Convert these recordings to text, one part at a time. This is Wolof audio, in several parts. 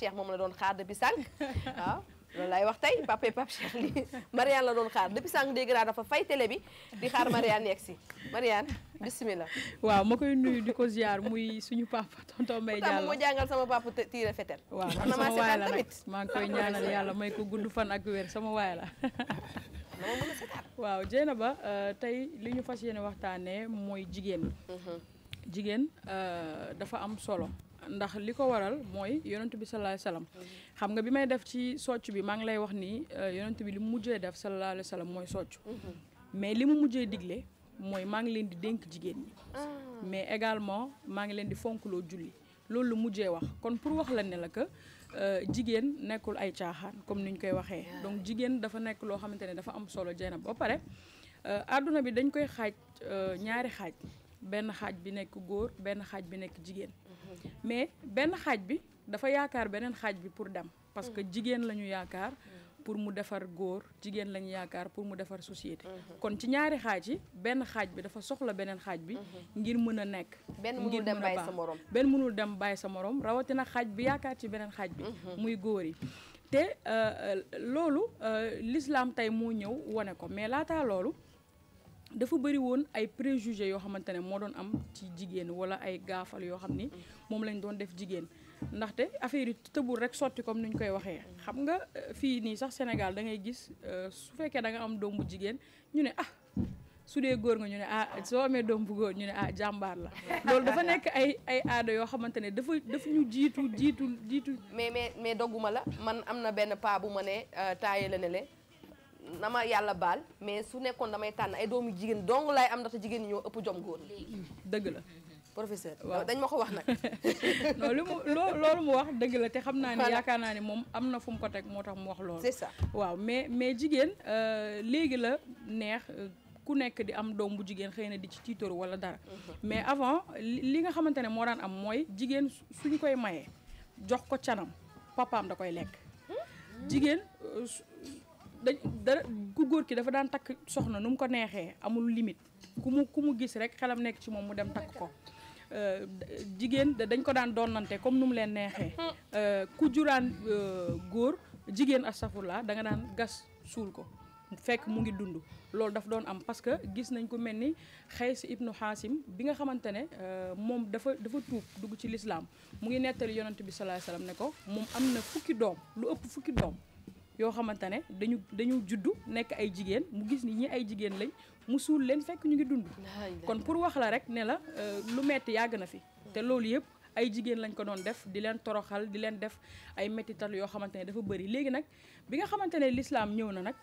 Cheikh moom la doon xaar depuis sànq waaw ah, loolu laay wax tey papa Pape Cheikh li Marianne la doon xaar depuis sànq dégg naa dafa fay télé bi di xaar Marianne yegg si Marianne bisimilah. waaw ma koy nuyu di ko ziar muy suñu papa tonton Mbaye Diallo moo jàngal sama papa tiire fetel waaw sama waay la koy ñaanal yàlla may ko gudd fan ak wér sama waay la waaw ba euh, tey li ñu fas yéene waxtaanee mooy jigéen mhm. jigéen euh, dafa am solo ndax li ko waral mooy yonent bi sallallahu alayhi wasallam xam nga bi may def ci socc bi maa ngi lay wax nii euh, yonent bi li mu mujjee def sallallahu alayhi wasallam mooy socc mais li mu mujjee digle mooy maa ngi leen di dénk jigéen ñi ah. mais également maa ngi leen di fonkloo julli loolu la mujjee wax kon pour wax la ne la que euh, jigéen nekkul ay caaxaan comme ni ñu koy waxee donc jigéen dafa nekk loo xamante ne dafa am solo Jeynab ba pare euh, àdduna bi dañ koy xaaj ñaari xaaj benn xaaj bi nekk góor benn xaaj bi nekk jigéen mais benn xaaj bi dafa yaakaar beneen xaaj bi pour dem parce que jigéen la ñu yaakaar pour mu defar góor jigéen lañu yaakaar pour mu defar société. Mhm. kon ci ñaari xaaj yi benn xaaj bi dafa soxla beneen xaaj bi. Mhm. ngir mën a nekk. benn mënul dem bàyyi sa morom benn mënul dem bàyyi sa morom rawatina xaaj bi yaakaar ci beneen xaaj bi. Mhm. muy góor yi te euh, euh, loolu euh, lislaam tey moo ñëw wane ko mais laataa loolu. dafa bëri woon ay préjugés yoo xamante ne moo doon am ci jigéen wala ay gaafal yoo xam ni moom lañ doon def jigéen ndaxte affaire yi tëbul rek sotti comme ni ñu koy waxee xam nga euh, fii nii sax Sénégal da ngay gis euh, su fekkee da nga am doom jigéen ñu ne ah su dee góor nga ñu ne ah soo amee doom bu góor ñu ne ah jàmbaar la loolu dafa nekk ay ay aada yoo xamante ne dafa dafa ñu jiitu jiitu jiitu mais mais mais dogguma la man am na benn paa bu ma ne euh, taaye la ne le na ma yàlla baal mais su nekkoon damay tànn ay doomu jigéen dong laay am ndax jigéen ñi ñoo ëpp jom góor dëgg la professeur waaw dañ ma ko wax nag non li mu loo loolu mu wax dëgg la te xam naa ne yaakaar naa ne moom am na fu mu ko teg moo tax mu wax loolu c'est waaw mais mais jigéen euh, léegi la neex euh, ku nekk di am doom bu jigéen xëy na di ci tiitoor wala dara mhm. mais avant li nga xamante ne moo daan am mooy jigéen su suñu koy mayee jox ko canam papaam da koy lekk hmm? jigéen euh, dañ dara ku góor ki dafa daan takk soxna nu mu ko neexee amul limite ku mu ku mu gis rek xelam nekk ci moom mu dem takk ko euh, jigéen dañ ko daan doonante comme nu mu leen neexee euh, ku juraan euh, góor jigéen astafurla da nga daan gas suul ko fekk mu ngi dund loolu daf doon am parce que gis nañ ko mel ni Xays ibnu Xaasim bi nga xamante ne moom dafa dafa tuub dugg ci lislaam mu ngi nettali yonent bi sallallahu alayhi ne ko moom am na fukki doom lu ëpp fukki doom yoo xamante ne dañu dañu juddu nekk ay jigéen mu gis ni ñi ay jigéen lañ mu suul leen fekk ñu ngi dund kon pour wax la rek ne la euh, lu metti yàgg na fi te loolu yëpp ay jigéen lañ ko doon def di leen toroxal di leen def ay métital yoo xamante ne dafa bëri léegi nag bi nga xamante ne l'islam ñëw na nag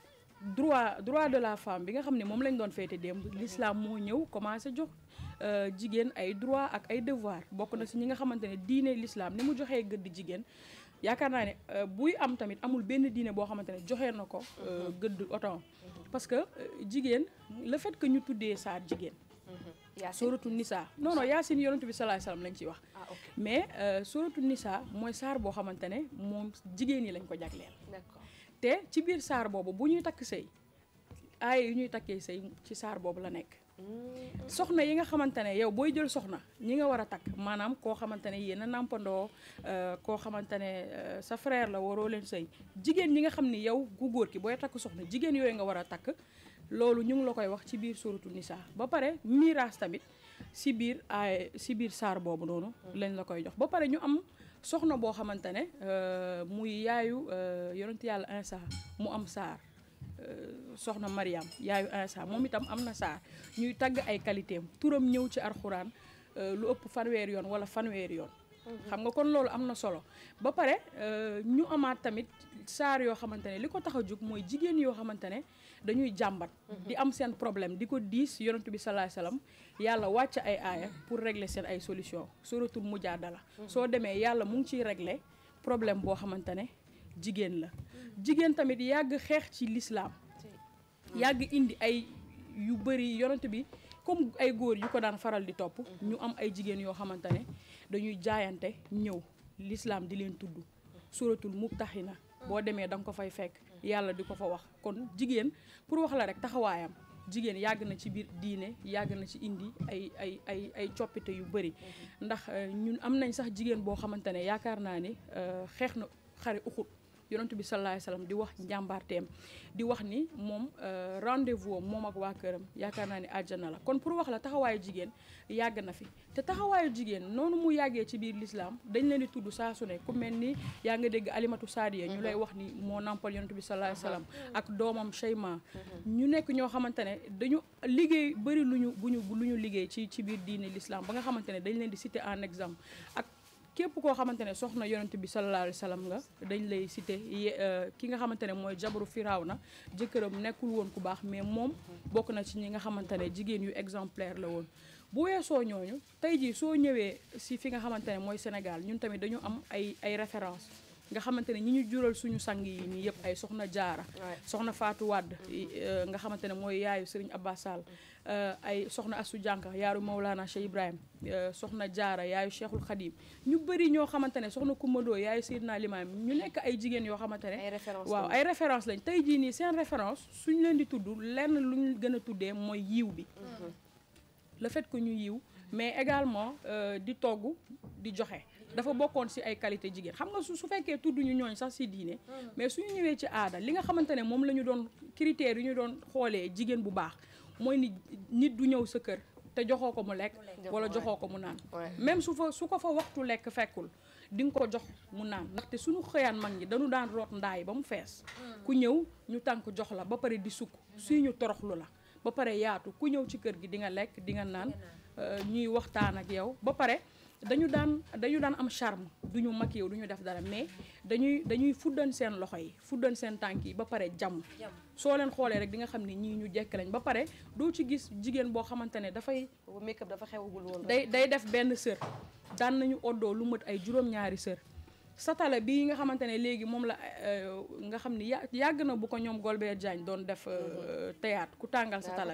droit droit de la femme bi nga xam ne moom lañ doon féete démb l'islam moo ñëw commencé jox euh, jigéen ay droit ak ay devoir bokk na si ñi nga xamante ne diine l'islam ni mu joxee gëdd jigéen yaakaar naa ne euh, buy am tamit amul benn diine boo xamante ne joxe na ko euh, mhm. gëdd oto mhm. parce que euh, jigéen le fait que ñu tuddee saar jigéen mhm. suratu nisa non non yaasin yonent bi salaay lañ ciy wax ah, mais suratu nisa mooy saar boo xamante ne moom jigéen yi lañ ko jagleel te ci biir saar boobu bu ñuy takk sëy aaya yu ñuy takkee sëy ci saar boobu la nekk soxna yi nga xamante ne yow booy jël soxna ñi nga war a takk maanaam koo xamante ne yéen a nàmpandoo euh, koo xamante ne euh, sa frère la waroo leen sëy jigéen ñi nga xam ni yow gu góor ki booy takk soxna jigéen yooyu nga war a takk loolu ñu ngi la koy wax ci biir suratu nisa ba pare miraas tamit si biir si biir saar boobu noonu leen la koy jox ba pare ñu am soxna boo xamante ne euh, muy yaayu yonent yàlla insa mu am saar Euh, soxna Mariam yaayu Insa moom itam am na saa ñuy tagg ay qualité am turam ñëw ci arxuraan euh, lu ëpp fanweer yoon wala fanweer yoon. Mhm. xam nga kon loolu am na solo ba pare euh, ñu amaat tamit saar yoo xamante ne li ko tax a jóg mooy jigéen yoo xamante ne dañuy jàmbat mhm. di am seen problème di ko diis yonent bi salaay salaam yàlla wàcc ay aaya pour régler seen ay solution suratul mujaadala mhm. soo demee yàlla mu ngi ciy régler problème boo xamante ne jigéen la jigéen tamit yàgg xeex ci lislaam yàgg indi ay yu bëri yonent bi comme ay góor yu ko daan faral di topp ñu am ay jigéen yoo xamante ne dañuy jaayante ñëw lislaam di leen tudd suratul na boo demee da nga ko fay fekk yàlla di ko fa wax kon jigéen pour wax la rek taxawaayam jigéen yàgg na ci biir diine yàgg na ci indi ay ay ay ay coppite yu bari ndax eh, ñun am nañ sax jigéen boo xamante ne yaakaar naa ne eh, xeex na xare uxut yonent bi salaay salaam di wax njàmbaarteem di wax ni moom euh, rendez-vous am moom ak waa këram yaakaar naa ni àjjana la kon pour wax la taxawaayu jigéen yàgg na fi te taxawaayu jigéen noonu mu yàggee ci biir lislaam dañ leen di tudd saa su ne ku mel ni yaa nga dégg alimatu saadiya ñu lay wax ni moo nampal yonent bi salaay salaam ak doomam Cheyma ñu nekk ñoo xamante ne dañu liggéey bari lu ñu bu lu ñu liggéey ci ci biir diine lislaam ba nga xamante ne dañ leen di citer en exemple ak képp koo xamante ne soxna yonent bi sallallahu alayhi wasallam nga dañ lay cité euh, ki nga xamante ne mooy jabaru Firawna jëkkëram nekkul woon ku baax mais moom bokk na ci ñi nga xamante ne jigéen yu exemplaire la woon bu weesoo ñooñu tey jii soo ñëwee si fi nga xamante ne mooy Sénégal ñun tamit dañu am ay ay référence nga xamante ne ñi ñu jural suñu sang yi nii yëpp ay soxna jaara soxna Fatou Wade e, nga xamante ne mooy yaayu Serigne Abba Sall e, ay soxna Assou jànq yaaru Maulana Cheikh Ibrahim e, soxna jaara yaayu Cheikhul Khadim ñu bëri ñoo xamante ne soxna Koumando yaayu Seydina Limaam ñu nekk ay jigéen yoo xamante ne waaw ay référence lañ tey jii nii seen référence suñ leen di tudd lenn lu ñu gën a tuddee mooy yiw bi mm-hmm. le fait que ñu yiw mais également di togg di joxe dafa bokkoon si ay qualité jigéen xam nga su su fekkee tudduñu ñooñ sax si diine hmm. mais suñu ñëwee ci aada li nga xamante ne moom lañu doon critères yu ñu doon xoolee jigéen bu baax mooy nit nit du ñëw sa kër te joxoo ko mu lekk wala joxoo ko mu naan même su su ko fa waxtu lekk fekkul di nga ko jox mu naan ndaxte suñu xëyaan mag ñi dañu daan root ndaay ba mu fees hmm. ku ñëw ñu tànk jox la ba pare di sukk hmm. suy ñu toroxlu la ba pare yaatu ku ñëw ci kër gi di nga lekk di nga naan euh, ñuy waxtaan ak yow ba pare dañu daan dañu daan am charme duñu maquillé ñu def dara mais dañuy dañuy fuddan seen loxo yi fuddan seen tànk yi ba pare jàmm soo leen xoolee rek di nga xam ne ñii ñu jekk lañ ba pare doo ci gis jigéen boo xamante ne dafay make dafa xewagul woon day day def benn sër daan nañu oddoo lu mët ay juróom-ñaari sër sa satala bi nga xamante ne léegi moom la euh, nga xam ni yàgg na bu ko ñoom Golbert Diagne doon def euh, mhm. théâtre ku tàngal sa ah, satala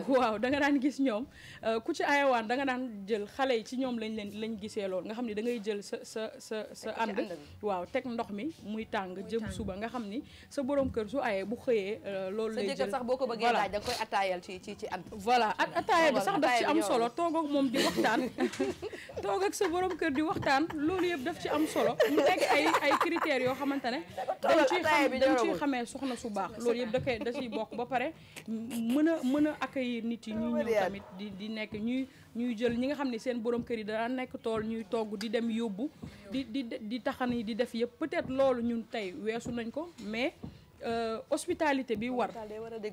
bi waaw da nga daan gis ñoom euh, ku ci ayawaan da nga daan jël xale yi ci ñoom lañ leen lañ gisee lool nga xam ni da ngay jël sa sa sa sa ànd waaw teg ndox mi muy tàng jëm suba nga xam ni sa borom kër su ayee bu xëyee loolu lay jël sax boo ko bëggee laaj da nga koy attaayal ci ci voilà at attaaya bi sax daf ci am solo toog ak moom di waxtaan toog ak sa borom kër di waxtaan loolu yëpp daf ci am solo mu teg ay ay critères yoo xamante ne dañ ciy xam dañ ciy xamee soxna su baax loolu yëpp da koy da ciy bokk ba pare mën a mën a accueillir nit yi ñuy ñëw tamit di di nekk ñuy ñuy jël ñi nga xam ne seen borom kër yi dara nekk tool ñuy togg di dem yóbbu di di di taxani di def yëpp peut-être loolu ñun tey weesu nañ ko mais Euh, hospitalité bi war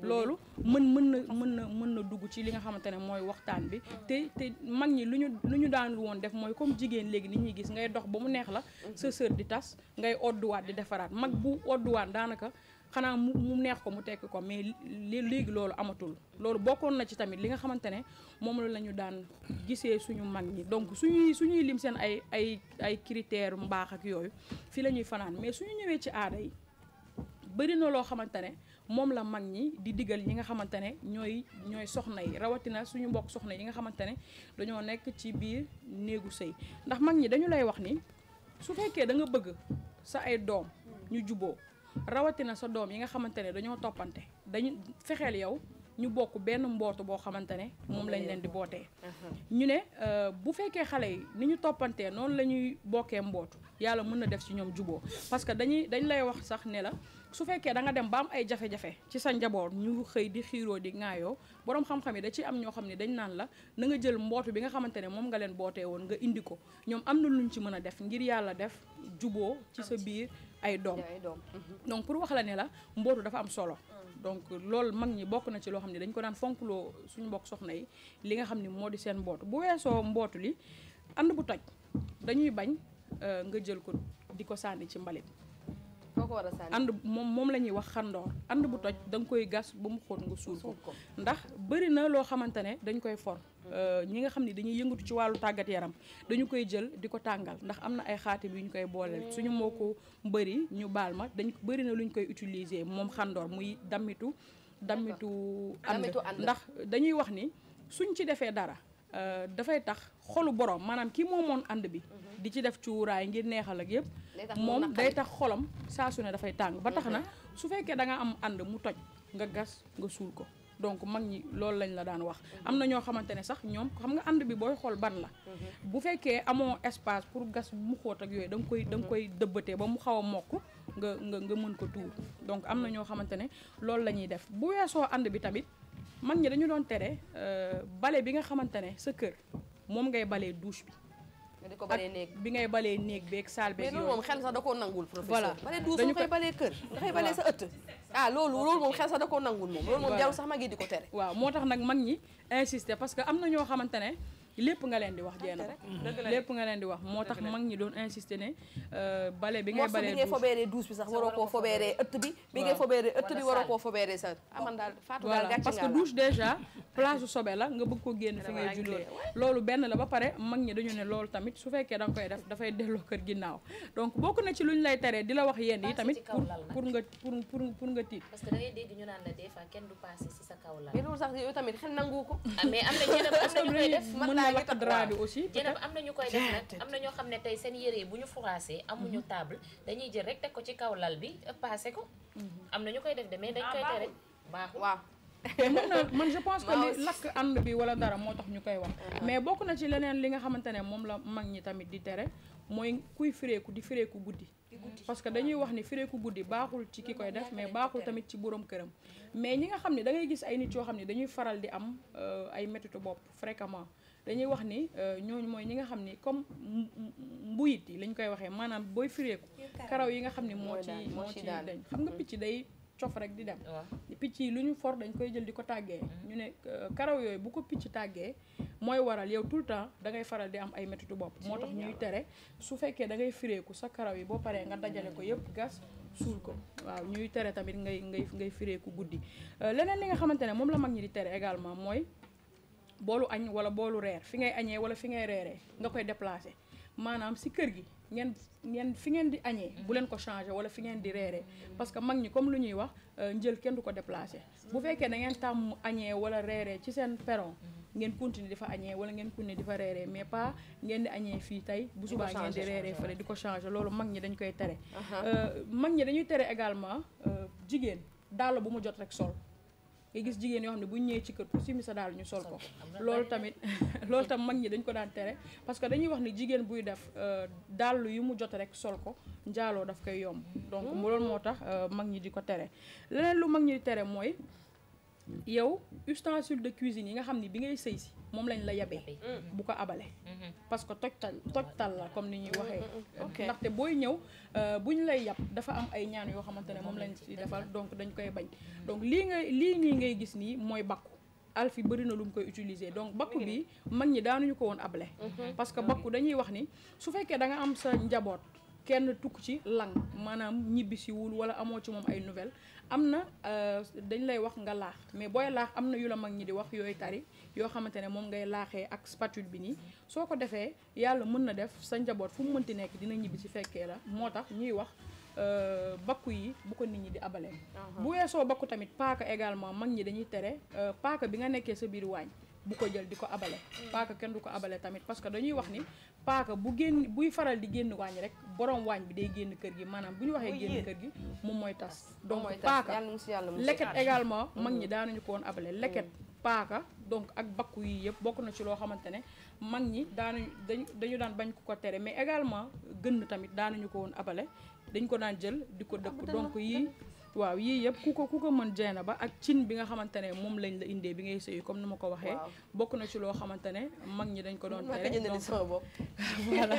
loolu mën mën na mën na mën na dugg ci li nga xamante ne mooy waxtaan bi ah. te te mag ñi lu ñu lu ñu daan woon def mooy comme jigéen léegi ni ñuy gis ngay dox ba mu neex la mhm. sa sër di tas ngay odduwaat di defaraat mag bu odduwaat daanaka xanaa mu mu neex ko mu tekk ko mais léegi loolu amatul loolu bokkoon na ci tamit li nga xamante ne moom la ñu daan gisee suñu mag ñi donc suñuy suñuy lim seen ay ay ay critères mbaax ak yooyu fii la ñuy fanaan mais suñu ñëwee ci aada yi bëri na loo xamante ne moom la mag ñi di digal ñi nga xamante ne ñooy ñooy soxna yi rawatina suñu mbokk soxna yi nga xamante ne dañoo nekk ci biir néegu sëy ndax mag ñi dañu lay wax ni su fekkee da nga bëgg sa ay doom ñu juboo rawatina sa doom yi nga xamante ne dañoo toppante dañu fexeel yow ñu bokk benn mbootu boo xamante ne moom lañ leen di bootee uh-huh. ñu ne euh, bu fekkee xale yi ni ñu toppantee noonu la ñuy bokkee mbootu yàlla mën na def ci ñoom juboo parce que dañuy dañ lay wax sax ne la su fekkee da nga dem ba am ay jafe-jafe ci sa njaboot ñu xëy di xiiroo di ŋaayoo borom xam-xam yi da ci am ñoo xam ne dañ naan la na nga jël mbootu bi nga xamante ne moom nga leen bootee woon nga indi ko ñoom am na luñ ci mën a def ngir yàlla def juboo ci sa biir ay doom mhm. donc pour wax la ne la mbootu dafa am solo mm. donc loolu mag ñi bokk na ci loo xam ne dañ ko daan fonkloo suñu bokk soxna yi li nga xam ni moo di seen mbootu bu weesoo mbootu li ànd bu toj dañuy bañ euh, nga jël ko di ko sànni ci mbalit ànd moom moom la ñuy wax xandoor ànd bu toj danga koy gas ba mu xóot nga suul ko ndax bëri na loo xamante ne dañ koy for euh, ñi nga xam ni dañuy yëngatu ci wàllu tàggat yaram dañu koy jël di ko tàngal ndax am na ay xaatim yu ñu koy booleel mm. suñu moo ko mbëri ñu baal ma dañ bëri na lu ñu koy utiliser moom xandoor muy dammitu dammitu ànd ndax dañuy wax ni suñ ci defee dara Euh, dafay tax xolu borom maanaam kii moomoon ànd bi. di ci def cuuraay ngir neexal ak yëpp. moom day tax xolam saa su ne dafay tàng. ba tax na mhm. su fekkee da nga am ànd mu toj nga gas nga suul ko. donc mag ñi loolu lañ la daan wax mhm. am na ñoo xamante ne sax ñoom xam nga ànd bi booy xool ban la mhm. bu fekkee amoo espace pour gas mu xóot ak yooyu da koy da koy dëbbatee ba mu xaw a mokk nga nga nga mën ko tuur donc am na ñoo xamante ne loolu la ñuy def bu weesoo ànd bi tamit mag ñi dañu doon tere euh, bale bi nga xamante ne sa kër moom ngay bale douche bi. di ko balee néeg bi ngay balee néeg beeg saal beeg. mais moom xel sax da koo nangul professeur. voilà dañu ko balee douche koy balee kër. da koy balee sa ëtt. ah loolu loolu moom xel sax da koo nangul moom. loolu moom jarul sax mag yi di ko tere. waaw moo tax nag mag ñi insister parce que am na ñoo xamante ne. lépp nga leen di wax jeena lépp nga moo tax mag ñi doon insister ne euh, bale bi ngay bale bi ngay fobeeree douche bi sax waroo koo fobeeree ëtt bi bi ngay fobeeree ëtt bi waroo koo fobeeree sax aman ah, daal faatu sobe la nga bëgg ko génn fi ngay jullee loolu benn la ba pare mag ñi dañu ne loolu tamit su fekkee da koy def dafay delloo kër ginnaaw donc bokk na ci luñ lay teree di la wax yenn yi tamit pour nga pour pour pour nga tiit parce que naa lakk bi aussi jërëjëf am na ñu koy am na ñoo xam ne tey seen yére yi bu ñu froissé amuñu mhm. table dañuy jël rek teg ko ci kaw lal bi passé ko mhm. am na ñu koy def de mais dañ ah, koy tere baaxul man je pense que li lakk ànd bi wala dara moo tax ñu koy wax uh-huh. mais bokk na ci leneen li nga xamante ne moom la mag ñi tamit di tere mooy kuy ku di ku guddi parce que dañuy wax ni fireeku guddi baaxul ci ki koy def mais baaxul tamit ci boroom këram mais ñi nga xam ne da ngay gis ay nit yoo xam ne dañuy faral di am euh, ay métitu bopp fréquemment dañuy wax ni euh, ñooñu mooy ñi nga xam ni comme mbuyit yi lañ koy waxee maanaam booy fireeku karaw yi nga xam ni moo ci moo ci dañ xam nga mm-hmm. picc day cof rek di dem picc yi lu ñu for dañ koy jël di ko tàggee mm-hmm. ñu ne euh, karaw yooyu bu ko picc tàggee mooy waral yow tout le temps da ngay faral di am ay métitu bopp moo tax ñuy tere su fekkee da ngay fireeku sa karaw yi boo paree nga dajale ko yëpp gas suul ko waaw ñuy tere tamit ngay ngay ngay fireeku guddi euh, leneen li nga xamante ne moom la mag ñi également mooy boolu añ wala boolu reer fi ngay añee wala fi ngay reeree nga koy déplacé maanaam si kër gi ngeen ngeen fi ngeen di añee bu leen ko changé wala fi ngeen di reere parce que mag ñi comme lu ñuy wax euh, njël kenn du ko bu fekkee da ngeen tàmm añee wala reeree ci seen perron ngeen continuer di fa añee wala ngeen continuer di fa reeree mais pas ngeen di añee fii tey bu subaa ngeen di reeree fële di ko changé loolu mag ñi dañ koy tere euh, mag ñi dañuy tere également euh, jigéen dàll bu mu jot rek sol nga gis jigéen yoo xam ne bu ñëwee ci kër pour simi daal ñu sol ko loolu tamit loolu tam mag ñi dañ ko daan tere parce que dañuy wax ne jigéen buy def euh, dàll yu mu jot rek sol ko njaaloo daf koy yomb donc loolu moo tax euh, mag ñi di ko tere leneen lu mag ñi di tere mooy yow ustensile de cuisine yi nga xam ni bi ngay sëy si moom lañ la yabee mm-hmm. bu ko abale mm-hmm. parce que tojtal tojtal la comme ni ñuy waxee mm-hmm. ndaxte booy ñëw euh, bu ñu lay yab dafa am ay ñaan yoo xamante ne moom lañ ci defal donc dañ koy bañ donc lii nga lii nii ngay gis nii mooy bakku alfi bëri na lu mu koy utiliser donc bakku bi mag ñi daanuñu ko woon able parce que bakku dañuy wax ni su fekkee da nga am sa njaboot kenn tukk ci lang maanaam ñibbisiwul wala amoo ci moom ay nouvelle am na euh, dañ lay wax nga laax mais booy laax am na yu la mag ñi di wax yooyu tari yoo xamante ne moom ngay laaxee ak spatule bi nii soo ko defee yàlla mën na def sa njaboot fu mu mënti nekk dina ñibbi si fekkee la moo tax ñuy wax euh, bakku yi bu ko nit ñi di abalee uh-huh. bu weesoo bakku tamit paaka également mag ñi dañuy tere euh, paaka bi nga nekkee sa biir waañ bu ko jël di ko abale paaka kenn du ko abale tamit parce que dañuy wax ni paaka bu génn buy faral di génn waañ rek borom waañ bi day génn kër gi maanaam bu ñu waxee génn kër gi moom mooy tas donc paaka leket également mm-hmm. mag ñi daanuñu ko woon abale leket mm-hmm. paaka donc ak bakku yi yëpp bokk na ci loo xamante ne mag ñi daanañu dañ dañu daan bañ ko ko tere mais également gën tamit daanañu ko woon abale dañ ko daan jël di ko dëkk donc yii waaw yii yëpp ku ko ku ko mën jeena ba ak cin bi nga xamante ne moom lañ la indee bi ngay sëyi comme ni ma ko waxee bokk na ci loo xamante ne mag ñi dañ ko doon tere voilà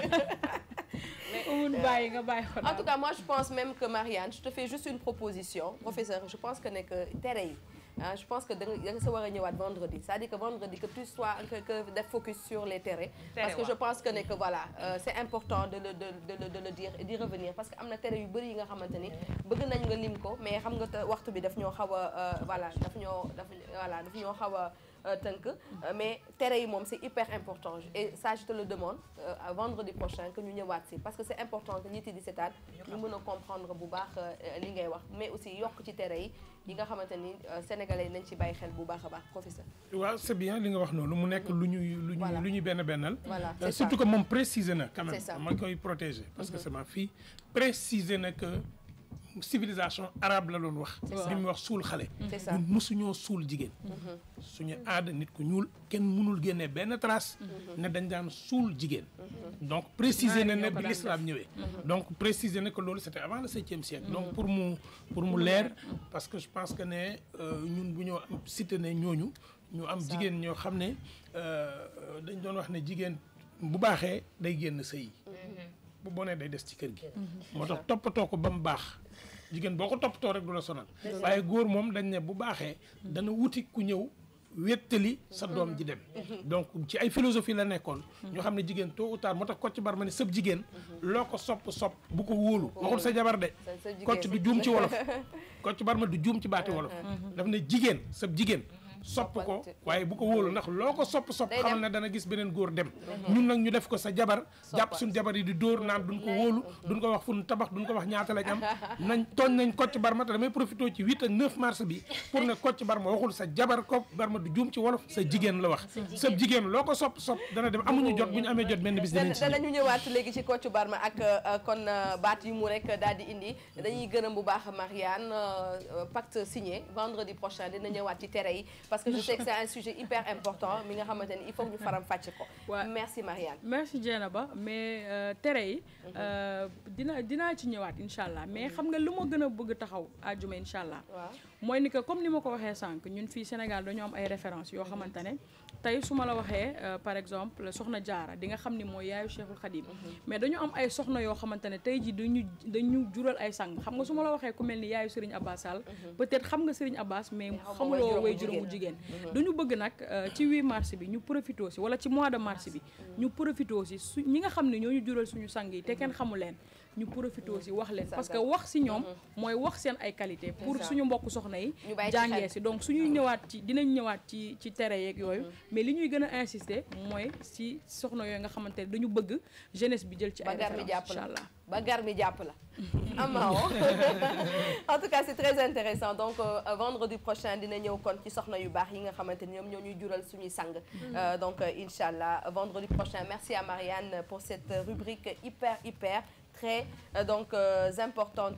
mun euh, bàyyi nga bàyyi ko en tout cas moi je pense même que Marianne je te fais juste une proposition mm. professeur je pense que ne que tere yi ah je pense que da nga sa war a ñëwaat vendredi cest dire que vendredi que tu sois que que focus sur les terrains. parce que je pense que ne que voilà euh, c'est important de le de de dire et revenir parce que am na terrain yu bëri yi nga xamante ni bëgg nañ nga lim ko mais xam nga waxtu bi daf ñoo xaw a euh, voilà daf ñoo daf xaw a. Euh, tënk euh, mais tere yi moom c' est hyper important et ça je demande euh, vendredi prochain que ñu ñëwaat si parce que c' est important que nit di seetaan ñu mën comprendre bu baax li ngay wax mais aussi yokk ci tere yi yi nga xamante ni sénégalais yi nañ ci bàyyi xel bu baax a baax professeur waaw c' est bien li nga wax noonu mu nekk lu ñuy lu ñuy lu ñuy benn bennal surtout que moom préciser na quand même ma koy protéger parce que mm-hmm. c'est ma fille na que civilisation arabe la doon wax. li muy wax suul xale. ñun mosuñoo suul jigéen. Mhm. suñu aada nit ku ñuul kenn mënul génne benn trace. Mhm. ne dañ daan suul jigéen. Mhm. donc préciser na ne ah, bi l'islam ñëwee. donc préciser na ko loolu c'était avant le septième siècle. donc pour mu pour mu leer parce que je pense que ne euh, ñun bu ñoo am cité ne ñooñu. ñu am jigéen ñoo xam ne euh, dañ doon wax ne jigéen bu baaxee day génn sëy bu bonee day des ci kër gi mhm. moo tax toppatoo ko ba mu baax jigéen boo ko toppatoo rek du la sonal waaye góor moom dañ ne bu baaxee mhm. dana wuti ku ñëw wéttali sa doom mhm. ji dem donc ci ay philosophie la nekkoon ñoo xam ne jigéen tôt ou tard moo tax Kocc Barma ne sab jigéen loo ko sopp sopp bu ko wóolu waxul sa jabar de Kocc du juum ci wolof Kocc Barma du juum ci baati wolof daf ne jigéen sab jigéen sopp ko waaye bu ko wóolu ndax loo ko sopp sopp xamal ne dana gis beneen góor dem mhm. ñun nag ñu def ko sa jabar jàpp suñu jabar yi di dóor naan duñ ko wóolu mhm. duñ ko wax fu ñu tabax duñ ko wax ñaata lañ am nañ tooñ nañ Kocc Barma te damay profité ci 8 ak 9 mars bi pour ne Kocc Barma waxul sa jabar Kocc Barma du juum ci wolof sa jigéen la wax sa jigéen loo ko sopp sopp dana dem amuñu jot bu ñu amee jot benn bis dinañ ci danañu ñëwaat léegi ci Kocc Barma ak euh, kon euh, baat yu mu rek daal di indi dañuy gërëm bu baax Marianne euh, pacte signé vendredi prochain dina ñëwaat ci tere yi parce que je sais que c'est un sujet hyper important mi nga xamante ni il faut ñu faram fàcce ko. merci Marianne. merci ba mais euh, tere yi. Mhm. Euh, dina dinaa ci ñëwaat incha allah mais mhm. xam nga lu ma gën a bëgg taxaw àjjuma incha allah. mooy ni que comme ni ma ko waxee sànq ñun fii Sénégal dañu am ay références yoo xamante ne tey su ma la waxee euh, par exemple soxna Jaara di nga xam ni mooy yaayu Cheikhul Khadim mhm. mais dañu am ay soxna yoo xamante ne tey ji dañu dañu jural ay sang xam nga su ma la waxee ku mel ni yaayu Serigne Abbas Sall mhm. peut-être xam nga Serigne Abbas mais xamuloo way juróomu jigéen mhm. dañu bëgg nag euh, ci 8 mars bi ñu profité si wala ci mois de mars bi ñu profité si su ñi nga xam ne ñooñu jural suñu sang yi te kenn xamu leen ñu profité si wax leen parce que wax si ñoom mhm. mooy wax seen ay qualité pour suñu mbokk soxna yi jàngee si donc suñuy ah ñëwaat ci dinañ ñëwaat ci ci tere yeeg yooyu mhm. mais li ñuy gën a insister mooy si soxna yooyu nga xamante ne dañu bëgg jeunesse bi jël ci ay incha allah ba gar mi jàpp la amao en tout cas c'est très intéressant donc euh, vendredi prochain dina ñëw kon ci soxna yu baax yi nga xamante ni ñoom ñoo ñuy jural suñuy sang mhm. euh, donc euh, incha allah vendredi prochain merci à Marianne pour cette rubrique très euh, donc euh, importante.